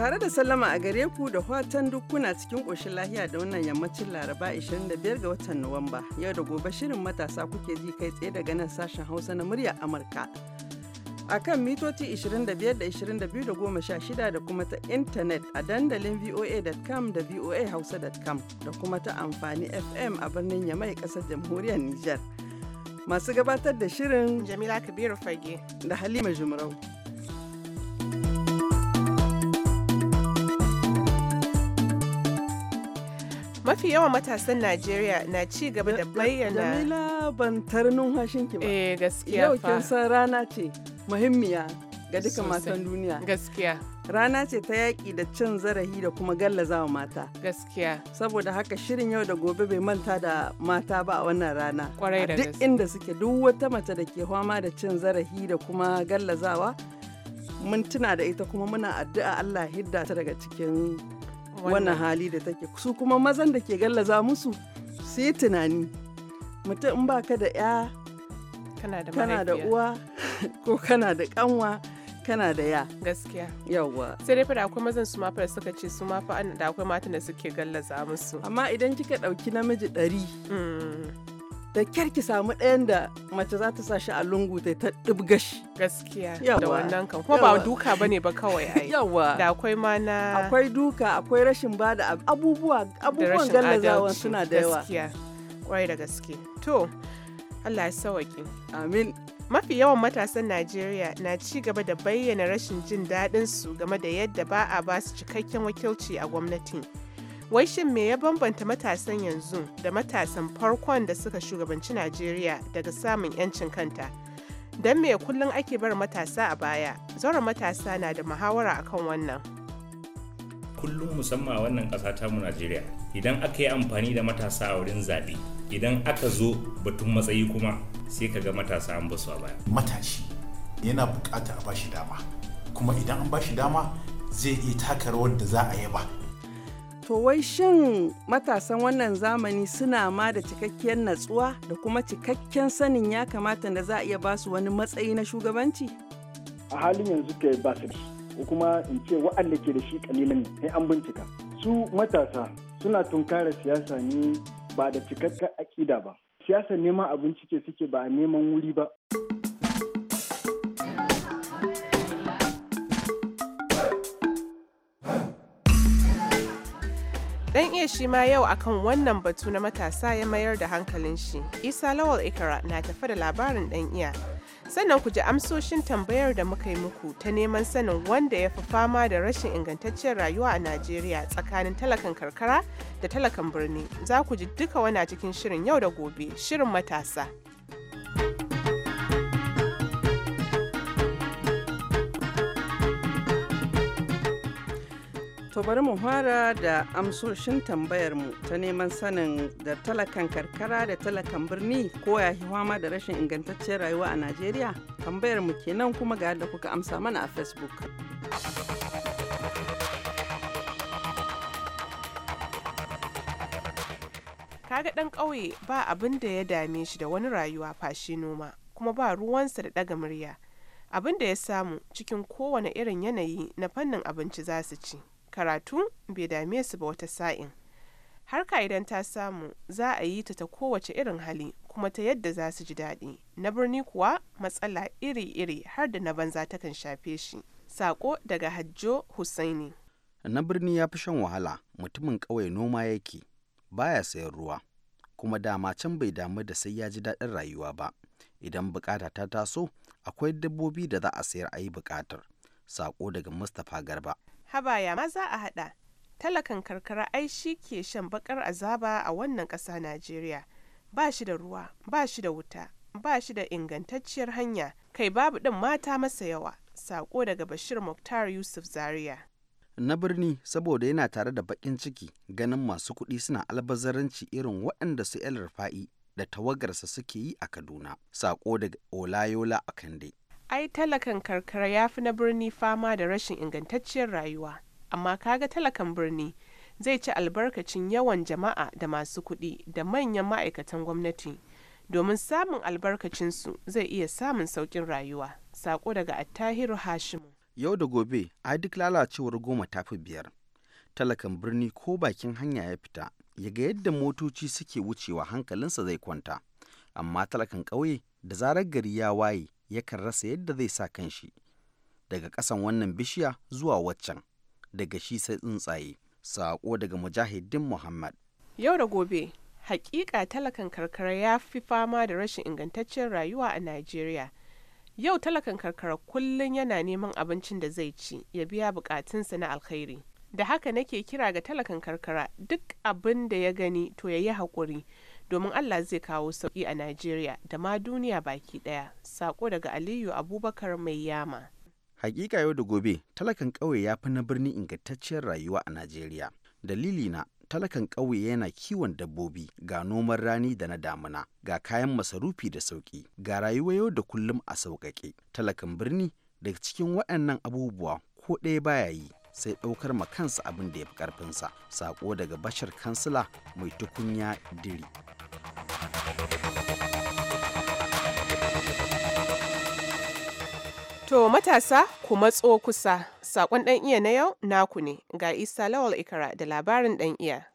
Tare da sallama a gare ku da fatan duk kuna cikin ƙoshin lahiya da wannan yammacin Laraba 25 ga watan Nuwamba. Yau da gobe shirin matasa kuke ji kai tsaye daga nan sashen Hausa na murya Amurka. A kan mitoci 25 da 22 da da kuma ta intanet a dandalin voa.com da voahausa.com da kuma ta amfani FM a birnin Yamai ƙasar jamhuriyar Nijar. Masu gabatar da shirin Jamila Kabiru Fage da Halima Jumrau. mafi yawan matasan Najeriya na ci gaba da bayyana Jamila ban tar hashin ki ba eh gaskiya fa yau kin rana ce muhimmiya ga duka matan duniya gaskiya rana ce ta yaki da cin zarafi da kuma gallazawa mata gaskiya saboda haka shirin yau da gobe bai manta da mata ba a wannan rana kwarai da duk inda suke duk wata mace da ke fama da cin zarafi da kuma gallazawa mun tuna da ita kuma muna addu'a Allah hidda ta daga cikin wannan hali da take su kuma mazan da ke gallaza musu su yi tunani mutum in baka da ya kana da uwa ko kana da kanwa kana da ya gaskiya yawwa sai dai fada akwai mazan su ma fa suka ce su ma fa da akwai matan da suke gallaza musu amma idan kika dauki namiji ɗari hmm. da kyar ki samu ɗayan da mace za ta sa shi a lungu ta ta ɗibga Gaskiya da wannan kan kuma ba duka bane ba kawai ai. Yawa. Da akwai ma na. Akwai duka akwai rashin bada abubuwa abubuwan gallazawan suna da yawa. Gaskiya kwai da gaske. To Allah ya sawaki Amin. Mafi yawan matasan Najeriya na ci gaba da bayyana rashin jin daɗinsu game da yadda ba a ba su cikakken wakilci a gwamnati. Wai shin me ya bambanta matasan yanzu da matasan farkon da suka shugabanci Najeriya daga samun 'yancin kanta? Don me kullum ake bar matasa a baya? Zauren matasa na da muhawara akan wannan. Kullum musamman a wannan ƙasa ta mu Najeriya, idan aka yi amfani da matasa a wurin zaɓe, idan aka zo batun matsayi kuma sai ka ga matasa an basu a baya. Matashi yana buƙatar a bashi dama, kuma idan an bashi dama zai iya taka rawar da za a yaba. To wai shin matasan wannan zamani suna ma da cikakkiyar natsuwa da kuma cikakken sanin ya kamata da za a iya basu wani matsayi na shugabanci? A halin yanzu ke ba su ko kuma in ce wa'anda ke da shi kalilin ne an bincika. Su matasa suna tunkara siyasa ne ba da cikakken akida ba. Siyasa neman abinci ke suke ba a neman wuri ba. Dan iya shi ma yau akan wannan batu na matasa ya mayar da hankalin shi. Isa Lawal Ikara na tafi da labarin dan iya. Sannan ku ji amsoshin tambayar da muka yi muku ta neman sanin wanda ya fi fama da rashin ingantaccen rayuwa a Najeriya tsakanin talakan karkara da talakan birni. Za ku ji duka wani cikin shirin yau da gobe, shirin matasa. to bari mu fara da amsoshin tambayar mu ta neman sanin da talakan karkara da talakan birni ko ya fama da rashin ingantaccen rayuwa a Najeriya tambayar mu kenan kuma ga yadda kuka amsa mana a Facebook. kaga ɗan ƙauye ba abin da ya dame shi da wani rayuwa fashi noma kuma ba ruwansa da ɗaga murya abin da ya samu cikin kowane irin yanayi na fannin abinci za su ci karatu bai dame su ba wata sa'in harka idan ta samu za a yi ta ta kowace irin hali kuma ta yadda za su ji daɗi na birni kuwa matsala iri-iri har da na banza takan shafe shi sako daga hajjo husaini na birni ya fi shan wahala mutumin ƙauye noma yake baya sayan ruwa kuma dama can bai damu da sai ya ji daɗin rayuwa ba idan bukata ta taso akwai dabbobi da za a sayar a yi bukatar sako daga mustapha garba haba ya ma za a haɗa talakan karkara ai shi ke shan bakar azaba a wannan ƙasa najeriya ba shi da ruwa ba shi da wuta ba shi da ingantacciyar hanya kai babu ɗin mata masa yawa sako daga bashir muktar yusuf zaria na birni saboda yana tare da bakin ciki ganin masu kuɗi suna albazaranci irin waɗanda su el rufa'i da tawagarsa suke yi a kaduna sako daga olayola a kande. ai talakan karkara ya fi na birni fama da rashin ingantacciyar rayuwa amma kaga talakan birni zai ci albarkacin yawan jama'a da masu kuɗi da manyan ma'aikatan gwamnati domin samun albarkacinsu zai iya samun sauƙin rayuwa saƙo daga attahiru hashimu yau da gobe a duk lalacewar goma ta fi biyar talakan birni ko bakin hanya ya fita ya ga yadda motoci suke wucewa hankalinsa zai kwanta amma talakan ƙauye da zarar gari ya waye yakan rasa yadda zai sa kanshi daga ƙasan wannan bishiya zuwa waccan daga shi sai tsuntsaye saƙo daga mujahidin muhammad yau da gobe hakika talakan karkara ya fi fama da rashin ingantaccen rayuwa a najeriya yau talakan karkara kullum yana neman abincin da zai ci ya biya bukatunsa na alkhairi da haka nake kira ga talakan karkara duk abin da ya gani to ya yi haƙuri domin Allah zai kawo sauƙi a Najeriya da ma duniya baki ɗaya. Sako daga Aliyu Abubakar mai yama. Hakika yau da gobe, talakan ƙauye ya fi na birni ingantacciyar rayuwa a Najeriya. Dalili na talakan ƙauye yana kiwon dabbobi ga noman rani da na damuna, ga kayan masarufi da sauƙi, ga rayuwa yau da kullum a sauƙaƙe. Talakan birni daga cikin waɗannan abubuwa ko ɗaya baya yi. sai ɗaukar ma kansa abin da ya fi ƙarfinsa saƙo daga bashar kansila mai tukunya diri To matasa ku matso kusa, saƙon ɗan iya na yau naku ne ga Isa Lawal Ikara da labarin ɗan iya.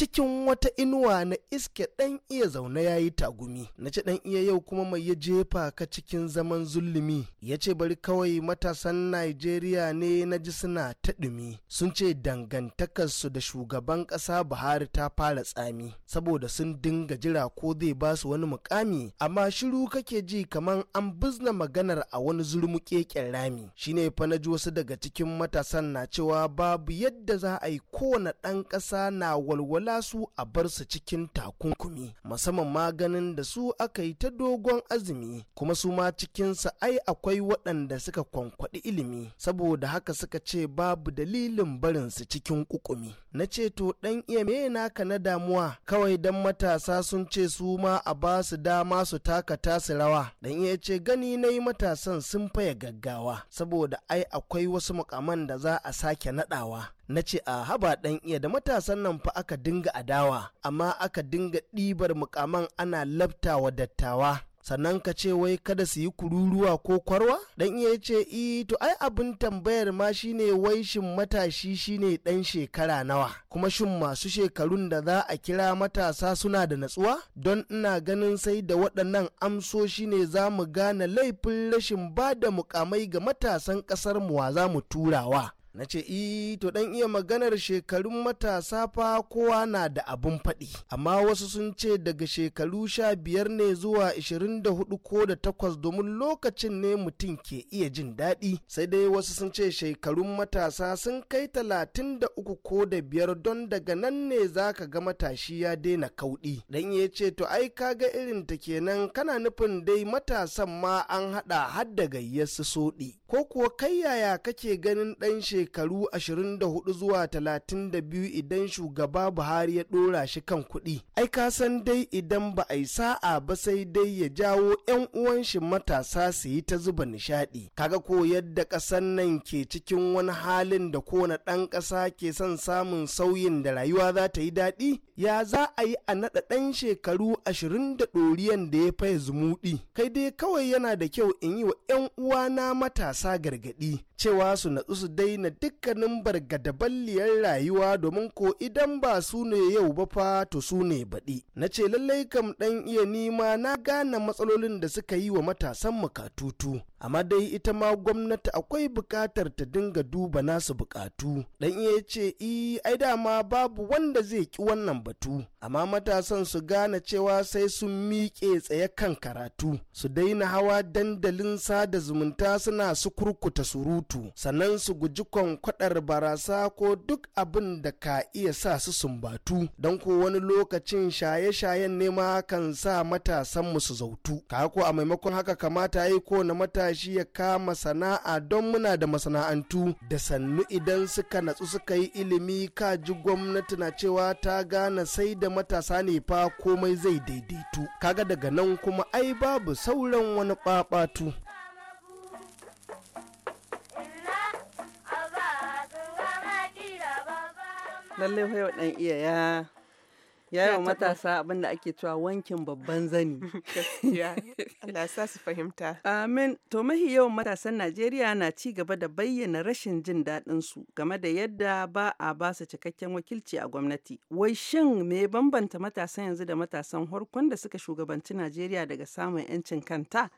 cikin wata inuwa na iske ɗan iya zaune ya yi tagumi na ce ɗan iya yau kuma mai ya jefa ka cikin zaman zulumi ya ce bari kawai matasan najeriya ne na ji suna ta ɗumi sun ce dangantakarsu da shugaban ƙasa buhari ta fara tsami saboda sun dinga jira ko zai ba su wani mukami amma shiru kake ji kamar an buzna maganar a wani zurmuƙeƙen rami shine fa na ji wasu daga cikin matasan na cewa babu yadda za a yi kowane ɗan ƙasa na walwala maƙala su a bar su cikin takunkumi musamman maganin da su aka yi ta dogon azumi kuma su ma cikinsa ai akwai waɗanda suka kwankwaɗi ilimi saboda haka suka ce babu dalilin barin su cikin kukumi na ce to ɗan iya me naka na damuwa kawai dan matasa sun ce su ma a ba su dama su taka tasu rawa dan iya ce gani na yi matasan sun faya gaggawa saboda ai akwai wasu mukaman da za a sake naɗawa na ce a haba ɗan iya da matasan nan fa aka dinga adawa amma aka dinga ɗibar mukaman ana labtawa dattawa sannan ka ce wai kada su yi kururuwa ko kwarwa dan iya ce i e, to ai abin tambayar ma shine wai shin matashi shine dan shekara nawa kuma shin masu shekarun da za a kira matasa suna da natsuwa don ina ganin sai da waɗannan amsoshi ne za mu gane laifin rashin ba da mukamai ga matasan ƙasar mu wa za mu turawa na ce to dan iya maganar shekarun matasa fa kowa na da abun faɗi amma wasu sun ce daga shekaru sha biyar ne zuwa ishirin da hudu ko da takwas domin lokacin ne mutum ke iya jin daɗi sai dai wasu sun ce shekarun matasa sun kai talatin da uku ko da biyar don daga nan ne za ka ga matashi ya daina kauɗi dan ya ce to ai ka ga irin ta kenan kana nufin dai matasan ma an haɗa har da gayyar su soɗi ko kuwa kai yaya kake ganin ɗan shekaru 24 zuwa 32 idan shugaba buhari ya ɗora shi kan kuɗi ai ka san dai idan ba a yi sa'a ba sai dai ya jawo 'yan uwan shi matasa su yi ta zuba nishaɗi kaga ko yadda ƙasar nan ke cikin wani halin da kowane ɗan ƙasa ke son samun sauyin da rayuwa za ta yi daɗi ya za a yi a naɗa ɗan shekaru 20 da ɗoriyan da ya faya zumuɗi kai dai kawai yana da kyau in yi wa 'yan uwana matasa sa gargaɗi cewa su natsu su daina dukkanin bargadaballiyar rayuwa domin ko idan ba su ne yau ba fa to su ne baɗi na ce lallai kam ɗan iya nima na gane matsalolin da suka yi wa matasan makatutu amma dai ita ma gwamnati akwai buƙatar ta dinga duba nasu buƙatu ɗan iya ce i ai dama babu wanda zai ki wannan batu amma matasan su gane cewa sai sun miƙe tsaye kan karatu su daina hawa dandalin sada zumunta suna su kurkuta surutu sannan su guji kwankwadar barasa ko duk abin da ka iya sa su sumbatu don ko wani lokacin shaye-shayen nema kan sa matasan mu su zautu ka ko a maimakon haka kamata yi ko na matashi ya kama sana'a don muna da masana'antu da sannu idan suka natsu suka yi ilimi ka ji gwamnati na cewa ta gane sai da matasa ne fa komai zai daidaitu kaga daga nan kuma ai babu sauran wani ɓaɓatu lallai wai dan iya ya ya yi matasa abin da ake cewa wankin babban zani. Gaskiya, Allah sa su fahimta. Amin. To mahi yawan matasan Najeriya na ci gaba da bayyana rashin jin daɗin su game da yadda ba a ba su cikakken wakilci a gwamnati. Wai shin me bambanta matasan yanzu da matasan harkon da suka shugabanci Najeriya daga samun 'yancin kanta?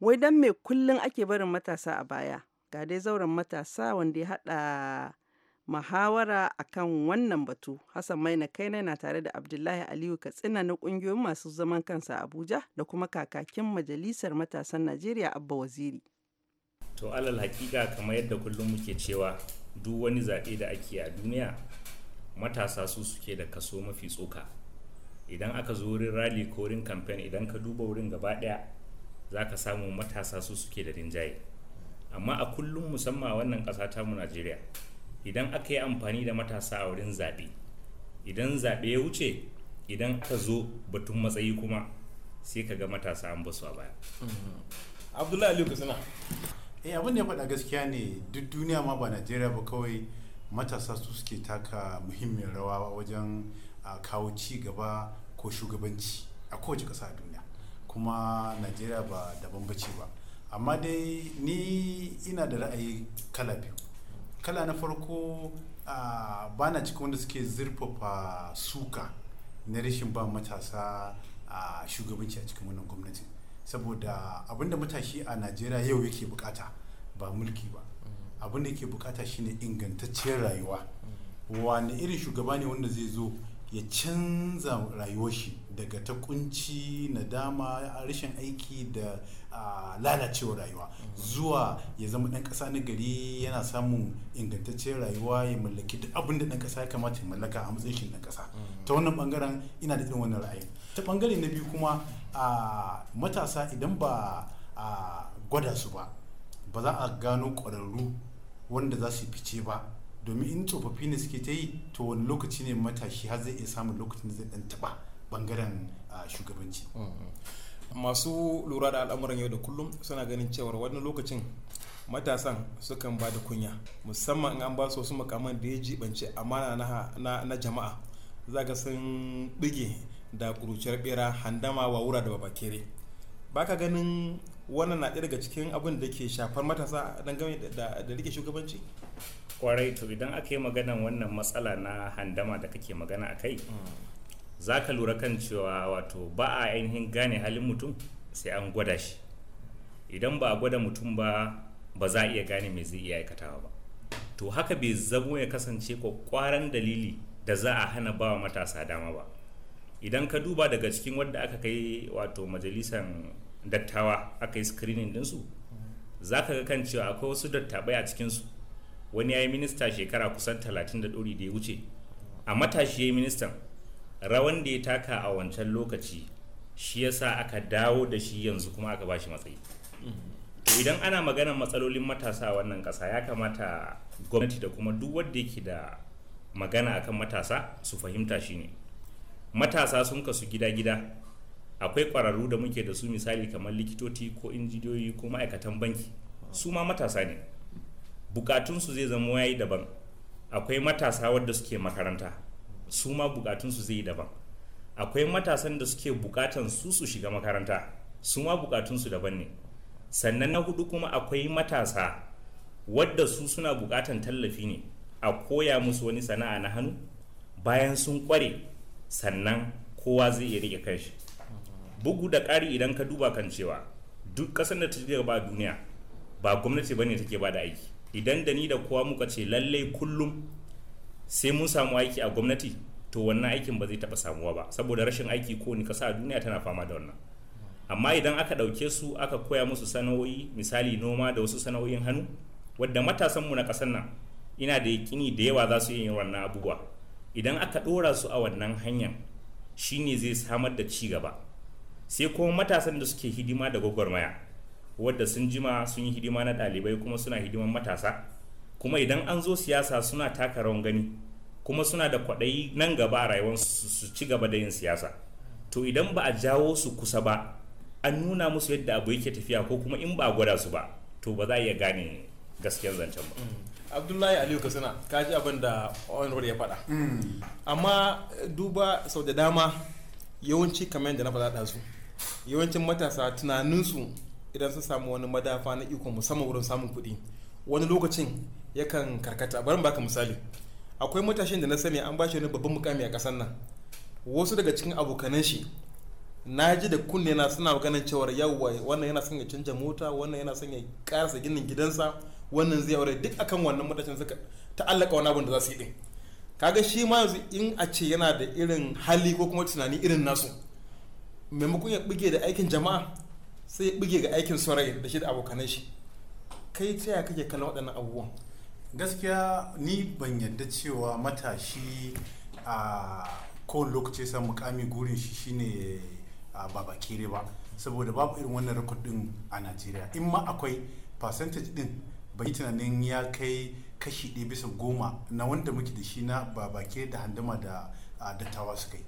Wai dan me kullum ake barin matasa a baya? Ga dai zauren matasa wanda ya haɗa muhawara akan wannan batu. Hassan Maina Kaina na tare da Abdullahi Aliyu Katsina na kungiyoyin masu zaman kansa Abuja da kuma kakakin Majalisar Matasan Najeriya Abba Waziri. To alal hakika kamar yadda kullum muke cewa duk wani zaɓe da ake a duniya matasa su suke da kaso mafi tsoka. Idan aka zo wurin rally ko wurin kamfen idan ka duba wurin gaba ɗaya za ka samu matasa su suke da rinjaye. Amma a kullum musamman wannan ƙasa tamu Najeriya idan aka yi amfani da matasa a wurin zaɓe idan zaɓe ya wuce idan aka zo batun matsayi kuma sai ka ga matasa an basu a baya mm-hmm. abdullahi aliyu katsina eh abin da ya faɗa gaskiya ne duk duniya ma ba najeriya ba kawai matasa su suke taka muhimmin rawa wajen kawo ci gaba ko shugabanci a kowace ƙasa a duniya kuma najeriya ba daban bace ba amma dai ni ina da ra'ayi kala biyu kala na farko ba na cikin wanda suke zurfafa suka na rashin ba matasa a shugabanci a cikin wannan gwamnati saboda abinda matashi a najeriya yau yake bukata ba mulki ba abinda yake bukata shine ingantacciyar rayuwa wani irin shugaba ne wanda zai zo ya canza rayuwar shi daga ta kunci nadama rashin aiki da lalacewar rayuwa zuwa ya zama ɗan ƙasa na gari yana samun ingantacciyar rayuwa ya mallaki duk abin da ɗan ƙasa ya kamata ya mallaka a matsayin shi ɗan ƙasa ta wannan ɓangaren ina da irin wannan ra'ayi ta ɓangare na biyu kuma a matasa idan ba a gwada su ba ba za a gano ƙwararru wanda za su fice ba domin in tsofaffi ne suke ta yi to wani lokaci ne matashi har zai iya samun lokacin da zai dan taba bangaren shugabanci mm-hmm. masu lura da al'amuran yau da kullum suna ganin cewar wani lokacin matasan sukan ba da kunya musamman in an ba su wasu makaman da ya jibance amana na jama'a za ga sun bige da kuruciyar bera handama wa wura da babakere baka ganin wannan na daga cikin abin da ke shafar matasa dangane da rike shugabanci kwarai to idan aka yi maganan wannan matsala na handama da kake magana a kai za ka lura kan cewa wato ba a ainihin gane halin mutum sai an gwada shi idan ba a gwada mutum ba ba za a iya gane mai zai iya aikatawa ba to haka bai zamo ya kasance kwakwaran dalili da za a hana bawa matasa dama ba idan ka duba daga cikin wadda aka kai wato majalisan dattawa aka yi screening dinsu za ka ga kan cewa akwai wasu dattabai a cikinsu wani ya yi minista shekara kusan talatin da ɗori da ya wuce a matashi ya yi ministan rawan da ya taka a wancan lokaci shi yasa aka dawo da shi yanzu kuma aka ba shi matsayi to idan ana maganar matsalolin matasa a wannan ƙasa ya kamata gwamnati da kuma duk wanda yake da magana akan matasa su fahimta shi ne matasa sun kasu gida-gida akwai kwararru da muke da su misali kamar likitoci ko injiniyoyi ko ma'aikatan banki su ma matasa ne bukatunsu zai zama yayi daban akwai matasa wadda suke makaranta su ma bukatunsu zai yi daban akwai matasan da suke bukatan su su shiga makaranta su ma bukatunsu daban ne sannan na hudu kuma akwai matasa wadda su suna bukatan tallafi ne a koya musu wani sana'a na hannu bayan sun kware sannan kowa zai iya rike kanshi bugu da ƙari idan ka duba kan cewa duk ƙasar da ta ci gaba duniya ba gwamnati ba ne take ba da aiki idan da ni da kowa muka ce lallai kullum sai mun samu aiki a gwamnati to wannan aikin ba zai taɓa samuwa ba saboda rashin aiki ko ni kasa a duniya tana fama da wannan amma idan aka ɗauke su aka koya musu sana'o'i misali noma da wasu sana'o'in hannu wadda mu na kasan nan ina da ƙini da yawa za su yi wannan abubuwa idan aka ɗora su a wannan hanyar shine zai samar da ci gaba sai kuma matasan da suke hidima da gwagwarmaya wadda sun jima sun yi hidima na ɗalibai kuma suna hidiman matasa kuma idan an zo siyasa suna taka rawan gani kuma suna da kwaɗayi nan gaba a rayuwarsu su ci gaba da yin siyasa to idan ba a jawo su kusa ba an nuna musu yadda abu yake tafiya ko kuma in ba a gwada su ba to ba za a iya gane gaskiyar zancen ba mm. abdullahi aliyu kasina ka ji abin da onward ya faɗa mm. amma eh, duba sau da dama yawanci kamar da na faɗa su yawancin matasa tunaninsu idan sun samu wani madafa na iko musamman wurin samun kuɗi wani lokacin yakan karkata bari baka misali akwai matashin da na sani an bashi wani babban mukami a kasan nan wasu daga cikin abokanan shi na ji da kunne na suna ganin cewar yawwa wannan yana son ya canja mota wannan yana son ya karasa ginin gidansa wannan zai aure duk akan wannan matashin suka ta'allaka wani abin da za su yi din kaga shi ma yanzu in a ce yana da irin hali ko kuma tunani irin nasu maimakon ya buge da aikin jama'a sai ya buge ga aikin son da shi da abokanai shi kai ta ya kake kallon waɗannan abubuwan gaskiya ni ban yadda cewa matashi a kowane lokaci sa mukami gurin shi shine baba bakire ba saboda babu irin wannan rekod a najeriya in ma akwai percentage din bai tunanin ya kai kashi ɗaya bisa goma na wanda muke da shi na babake da handama da dattawa su kai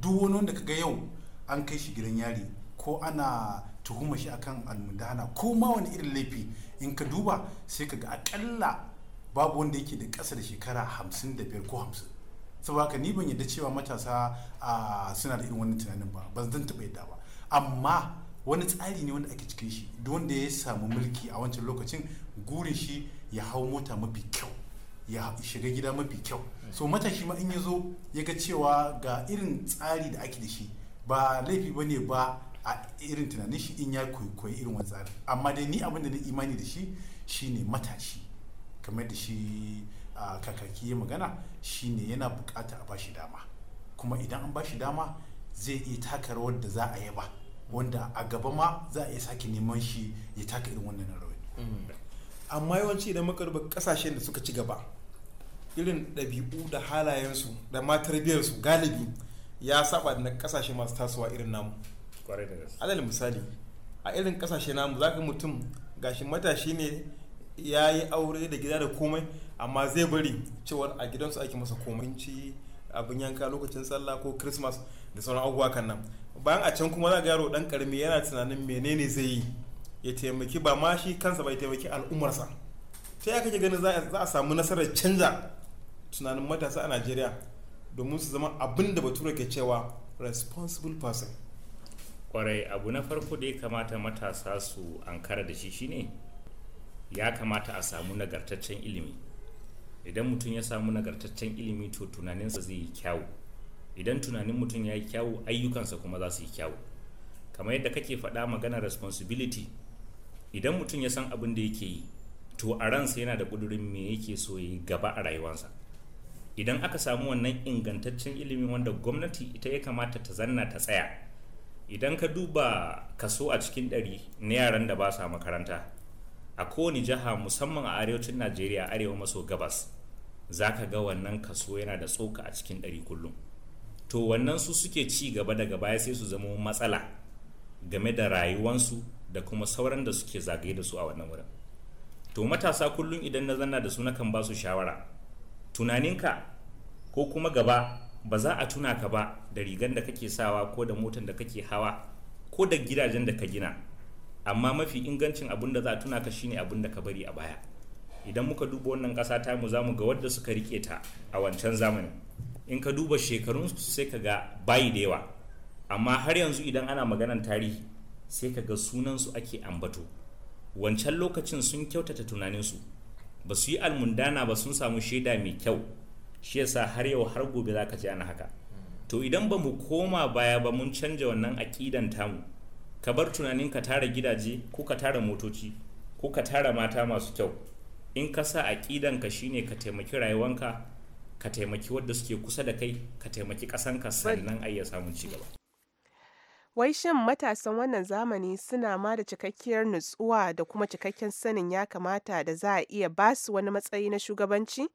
duk wani wanda ga yau an kai shi gidan yari ko ana tuhuma shi a kan almudana ko ma wani irin laifi in ka duba sai ka ga akalla babu wanda yake da ƙasa da shekara hamsin da biyar ko hamsin saboda ni ban yadda cewa matasa suna da irin wani tunanin ba ban zan taɓa yadda ba amma wani tsari ne wanda ake cikin shi duk wanda ya samu mulki a wancan lokacin gurin shi ya hau mota mafi kyau ya shiga gida mafi kyau so matashi ma in ya zo ya ga cewa ga irin tsari da ake da shi ba laifi ba ne ba a irin tunanin shi in ya koyi irin wani tsari amma dai ni abin da na imani da shi shi ne matashi kamar da shi kakaki ya magana ne yana bukata a bashi dama kuma idan an bashi dama zai iya taka rawar da za a yaba wanda a gaba ma za a iya sake neman shi ya taka irin wannan rawar amma yawanci idan muka duba kasashen da suka ci gaba irin ɗabi'u da halayensu da matarbiyarsu biyarsu galibi ya saba da kasashe masu tasowa irin namu alal misali a irin kasashe namu zaka mutum gashi matashi ne ya yi aure da gida da komai amma zai bari cewar a gidansu ake masa komai abin yanka lokacin sallah ko christmas da sauran abubuwa kan nan bayan a can kuma za ga yaro dan karmi yana tunanin menene zai yi ya taimaki ba ma shi kansa bai taimaki al'ummarsa ta ya kake ganin za a samu nasarar canza tunanin matasa a najeriya domin su zama abin da bature ke cewa responsible person kwarai abu na farko da ya kamata matasa su ankara da shi shine ya kamata a samu nagartaccen ilimi idan mutum ya samu nagartaccen ilimi to tunaninsa zai yi kyawu idan tunanin mutum ya yi kyawu ayyukansa kuma za su yi kyawu kamar yadda kake faɗa magana responsibility idan mutum ya san abin da yake yi to a ransa yana da ƙudurin me yake so ya yi gaba a rayuwarsa idan aka samu wannan ingantaccen ilimi wanda gwamnati ita ya kamata ta zanna ta tsaya idan ka duba kaso a cikin ɗari na yaran da ba sa makaranta a kowane jiha musamman a arewacin najeriya arewa maso gabas za ka ga wannan kaso yana da tsoka a cikin ɗari kullum to wannan su suke ci gaba daga baya sai su zama matsala game da rayuwansu da kuma sauran da suke zagaye da su a wannan wurin to matasa kullum idan na zanna da su nakan ba su shawara tunaninka ko kuma gaba ba za a tuna ka ba da rigan da kake sawa ko da motan da kake hawa ko da gidajen da ka gina amma mafi ingancin abin da za a tuna ka shine abin da ka bari a baya idan muka duba wannan ƙasa ta mu za mu ga wadda suka rike ta a wancan zamani in ka duba shekarun sai ka ga bayi da yawa amma har yanzu idan ana maganan tarihi sai ka ga sunan su ake ambato wancan lokacin sun kyautata tunaninsu ba su yi almundana ba sun samu shaida mai kyau shi yasa har yau har gobe za ka ji ana haka to idan ba mu koma baya ba mun canja wannan aƙidan tamu ka bar tunanin ka tara gidaje ko ka tara motoci ko ka tara mata masu kyau in ka sa aƙidan ka shine ka taimaki rayuwanka ka taimaki wadda suke kusa da kai ka taimaki ƙasanka sannan ai ya samu ci gaba wai shin matasan wannan zamani suna ma da cikakkiyar nutsuwa da kuma cikakken sanin ya kamata da za a iya basu wani matsayi na shugabanci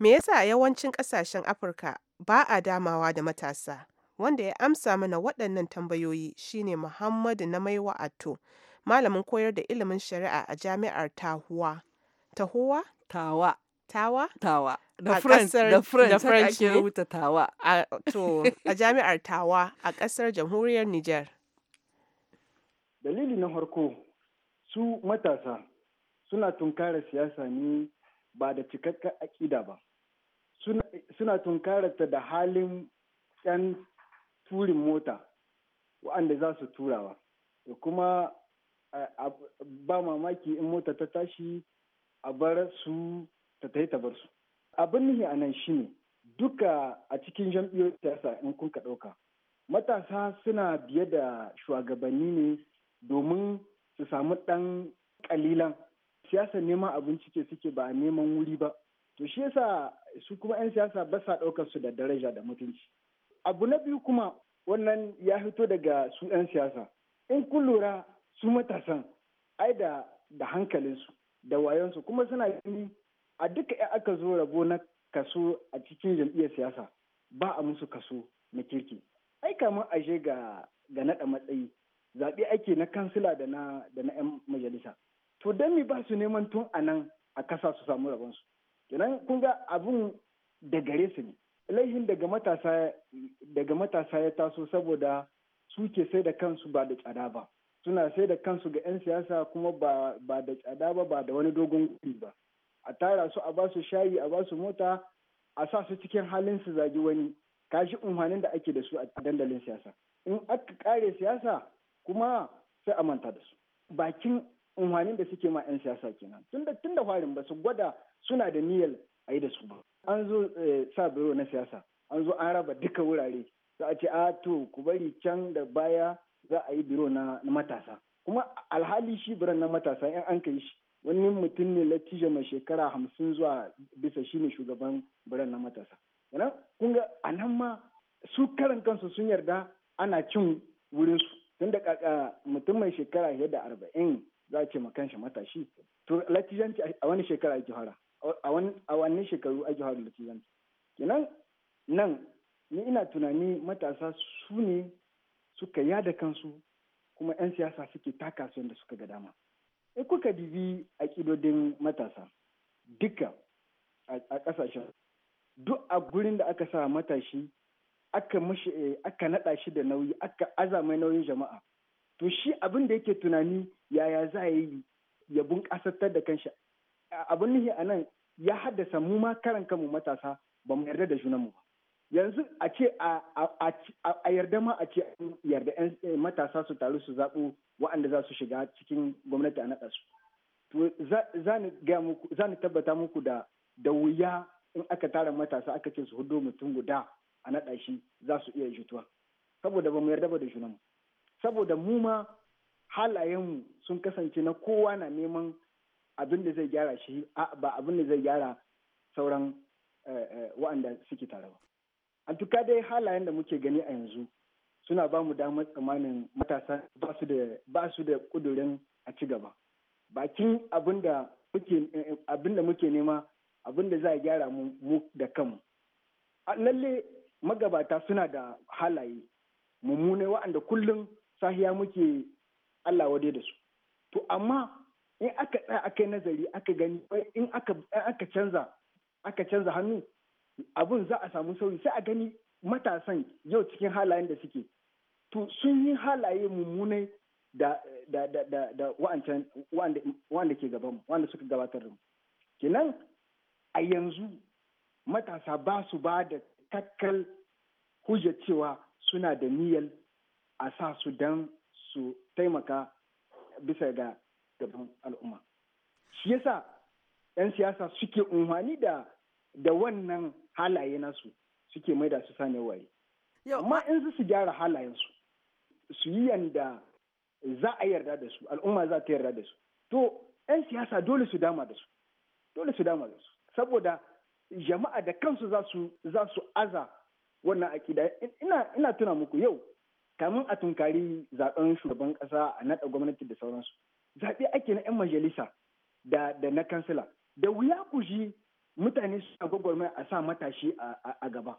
Me yasa a yawancin ƙasashen Afirka ba a damawa da matasa? Wanda ya amsa mana waɗannan tambayoyi shine Muhammadu na mai wa'ato, malamin koyar da ilimin shari'a a jami'ar Tahuwa. Tahuwa? Tawa. Tawa? Tawa. Da French, da French, French ake rubuta Tawa. A, to, a jami'ar Tawa a ƙasar Jamhuriyar Nijar. Dalili na harko, su matasa suna tunkara siyasa ne ba da cikakken aƙida ba. suna tunkararta da halin 'yan turin mota waɗanda za su turawa da kuma ba mamaki in mota ta tashi a bar su ta tafi ta bar su abin nuhi a nan shine duka a cikin jam'iyyar siyasa in kun ka ɗauka matasa suna biye da shugabanni ne domin su samu ɗan ƙalilan siyasa neman abinci ke suke ba a neman wuri ba to shi yasa su kuma 'yan siyasa ba sa ɗaukar su da daraja da mutunci abu na biyu kuma wannan ya fito daga su 'yan siyasa in kun lura su matasan ai da da hankalinsu da wayonsu kuma suna gani a duka ya aka zo rabo na kaso a cikin jam'iyyar siyasa ba a musu kaso na kirki ai kamar ashe ga ga naɗa matsayi zaɓe ake na kansila da na da na 'yan majalisa to don me ba su neman tun a nan a kasa su samu rabonsu kenan kun ga abun da gare su ne laihin daga matasa ya taso saboda suke sai da kansu ba da tsada ba suna sai da kansu ga 'yan siyasa kuma ba da tsada ba ba da wani dogon kuɗi ba a tara su a basu shayi a basu mota a sa su cikin halin su zagi wani kashi umarnin da ake da su a dandalin siyasa in aka kare siyasa kuma sai a manta da su bakin unhwanin da suke ma 'yan siyasa kenan tunda tunda farin ba su gwada suna da niyyar a yi da su ba an zo eh, sa biro na siyasa an zo an raba duka wurare za a ce a to ku bari can da baya za a yi biro na matasa kuma alhali shi biran na matasa in an kai shi wani mutum ne latijo mai shekara hamsin zuwa bisa shi ne shugaban biran na matasa yanan kun ga a nan ma su karan kansu sun yarda ana cin wurinsu tun da mutum mai shekara fiye da arba'in za a ce ma kanshi matashi to latijanci a wani shekara ake fara a wannan shekaru ake fara latijanci kenan nan ni ina tunani matasa su ne suka yada kansu kuma 'yan siyasa suke taka su yadda suka ga dama in kuka dibi a kidodin matasa duka a kasashen duk a gurin da aka sa matashi aka eh, naɗa shi da nauyi aka aza nauyin jama'a to shi abin da yake tunani yaya za a yi ya bunƙasatar da kanshi abin nihi a nan ya haddasa mu ma karan kanmu matasa ba mu yarda da junanmu ba yanzu a ce a yarda ma a ce yarda yan eh, matasa su taru su zaɓo waɗanda za su shiga cikin gwamnati a naɗa su to za ni tabbata muku da da wuya in aka tara matasa aka ce su hudu mutum guda a naɗa shi za su iya jituwa saboda ba mu yarda ba da junanmu saboda mu ma halayenmu sun kasance na kowa na neman abin da zai gyara shi ba abin da zai gyara sauran eh, eh, wa'anda suke tare ba an tuka dai halayen da muke gani a yanzu suna ba mu damar tsammanin matasa ba su da kudurin a ci gaba bakin eh, abin da muke nema abin da za a gyara mu da kanmu lalle magabata suna da halaye mummune wa'anda kullum sahiya muke Allah wade da su to amma in aka tsaya aka yi nazari aka gani in aka canza aka canza hannu abun za a samu sauyi sai a gani matasan yau cikin halayen da suke to sun yi halaye mummunai da da wanda ke gaban mu wanda suka gabatar da mu kenan a yanzu matasa ba su ba da takkal hujjar cewa suna da niyyar a sa su don su taimaka bisa ga gaban al'umma shi yasa 'yan siyasa suke umarni da da wannan halaye nasu suke maida su sane waye amma in su gyara halayensu su yi yanda za a yarda da su al'umma za ta yarda da su to 'yan siyasa dole su dama da su dole su dama da su saboda jama'a da kansu za su aza wannan akida ina tuna muku yau kamun a tunkari zaben shugaban kasa a naɗa gwamnati da sauransu zaɓe ake na 'yan majalisa da na kansila da wuya ku shi mutane suna gwagwarmaya a sa matashi a gaba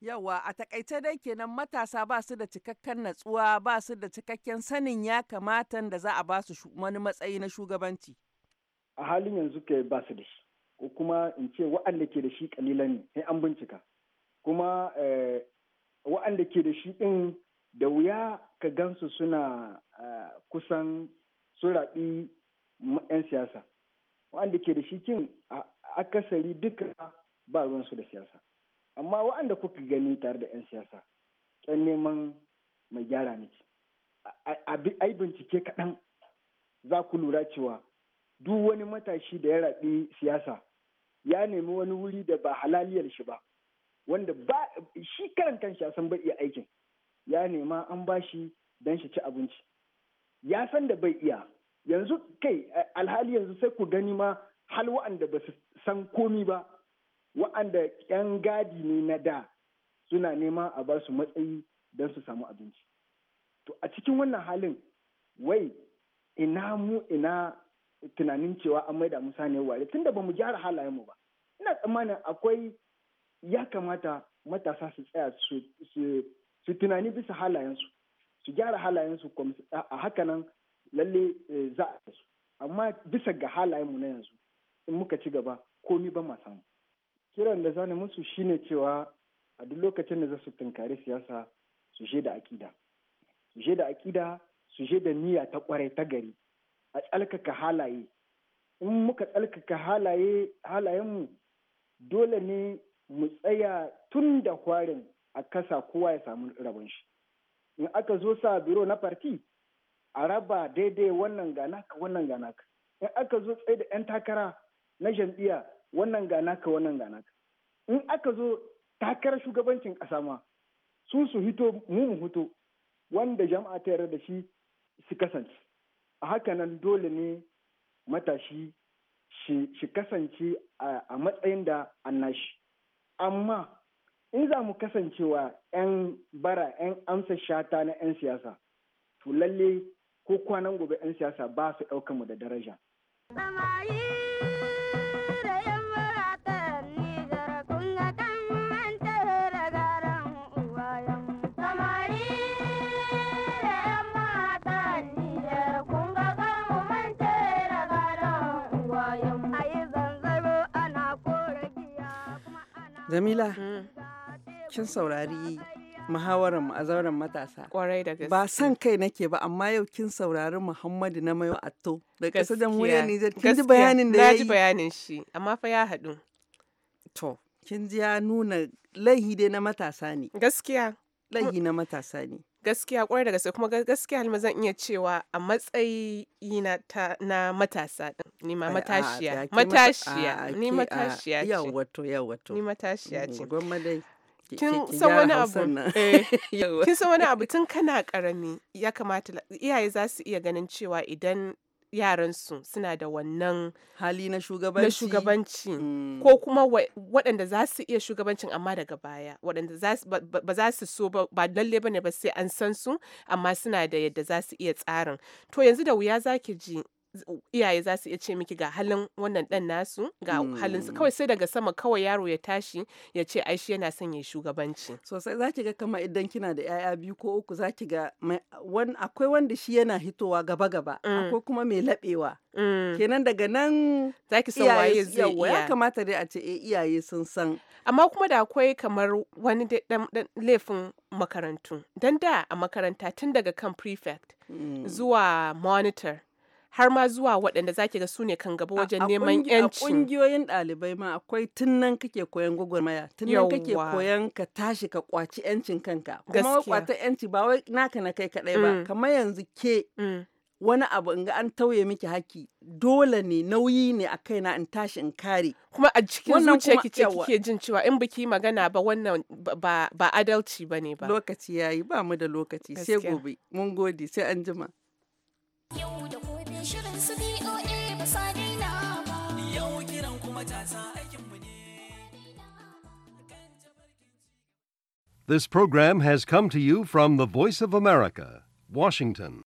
yawa a takaice dai kenan matasa ba su da cikakken natsuwa ba su da cikakken sanin ya kamata da za a ba su wani matsayi na shugabanci a halin yanzu ke ba su da shi ko kuma in ce wa'anda ke da shi kalilan ne sai an bincika kuma eh, wa'anda ke da shi din da wuya ka gansu suna kusan suraɗi 'yan siyasa wa'anda ke da shi kin akasari duka ba ruwansu da siyasa amma wa'anda kuka gani tare da 'yan siyasa ƙyan neman mai gyara a yi bincike kaɗan za ku lura cewa duk wani matashi da ya raɗi siyasa ya nemi wani wuri da ba halaliyar shi ba wanda ba shi karan kanshi san bai iya aikin ya nema an bashi don shi ci abinci ya san da bai iya yanzu kai alhali yanzu sai ku gani ma hal wa'anda ba su san komi ba wa'anda yan gadi ne na da suna nema a ba su matsayi don su samu abinci to a cikin wannan halin wai ina mu ina tunanin cewa an maida mu sane ware tunda ba mu gyara halayenmu ba ina tsammanin akwai ya kamata matasa su tsaya su su tunani bisa halayensu su gyara halayensu a hakanan nan lalle eh, za a su amma bisa ga halayenmu na yanzu in muka ci gaba komi ba ma samu kiran da zane musu shine cewa a duk lokacin da za su tunkari siyasa su je da akida su je da akida su je da niyya ta kwarai ta gari a tsalkaka halaye in muka tsalkaka halaye halayenmu dole ne mu tsaya tun da kwarin a kasa kowa ya samu rabon shi in aka zo sa biro na farti a raba daidai wannan gana ka wannan gana ka. in aka zo tsaye da 'yan takara na jam'iyya wannan gana ka wannan gana ka. in aka zo takarar shugabancin ƙasa ma su su hito mu mu hito wanda jama'a ta yarda da shi su kasance a hakanan dole ne matashi shi kasance a matsayin da annashi amma in za mu kasancewa 'yan bara 'yan amsa shata na 'yan siyasa to lalle ko kwanan gobe 'yan siyasa ba su ɗaukan mu da daraja. Jamila, hmm. kin saurari muhawarar mu a zauren matasa. Kwarai da gaske. Ba san kai nake ba amma yau kin saurari Muhammadu na Mayo Atto da kasar jamhuriyar Nijar. Kin ji bayanin da ya yi. Na ji bayanin shi amma fa ya haɗu. To kin ji ya nuna laihi dai na matasa ne. Gaskiya. Laihi na matasa ne. Gaskiya kwarai da gaske kuma gaskiya halma zan iya cewa a matsayi na, na matasa ni ma matashiya matashiya ni matashiya ce yawa to yawa to ni matashiya ce gwamma dai Eh. kin san wani abu tun kana karami ya kamata iyaye za su iya ganin cewa idan yaransu suna da wannan hali na shugabanci, mm. ko kuma waɗanda za su iya shugabancin amma daga baya waɗanda ba za su so ba lalle ba ne ba sai an san su amma suna da yadda za su iya tsarin to yanzu da wuya za ki ji iyaye za su iya ce miki ga halin wannan dan nasu ga mm. halin su hmm. kawai sai daga sama kawai yaro ya tashi ya ce ai yana son ya shugabanci sosai zaki ga kama idan kina da yaya biyu ko uku zaki ga akwai wanda shi yana hitowa gaba gaba mm. akwai kuma mai labewa mm. kenan daga nan zaki san waye zai iya ya kamata dai a ce eh, iyaye sun san amma kuma da akwai kamar wani laifin makarantu dan da a makaranta tun daga kan prefect hmm. zuwa monitor har ma zuwa waɗanda zaki ga su ne kan gaba wajen neman yanci. A ƙungiyoyin ɗalibai ma akwai tun nan kake koyan gwagwarmaya, tun nan kake koyan ka tashi ka kwaci yancin kanka. Kuma kwata yanci ba wai naka na kai kaɗai ba, mm. kamar yanzu ke mm. wani abu in ga an tauye miki haki dole ne nauyi ne a kaina in tashi in kare kuma a cikin zuciya ki ce kike jin cewa in biki magana ba wannan ba ba adalci bane ba lokaci yayi ba mu da lokaci sai gobe mun gode sai an jima yau da shirin su BOA ba sa daina ba. Yau kiran kuma ne. This program has come to you from the Voice of America, Washington.